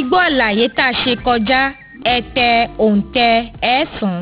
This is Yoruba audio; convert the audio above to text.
ti gbọ́ àlàyé tá a ṣe kọjá ẹ̀ tẹ òǹtẹ̀ ẹ̀sán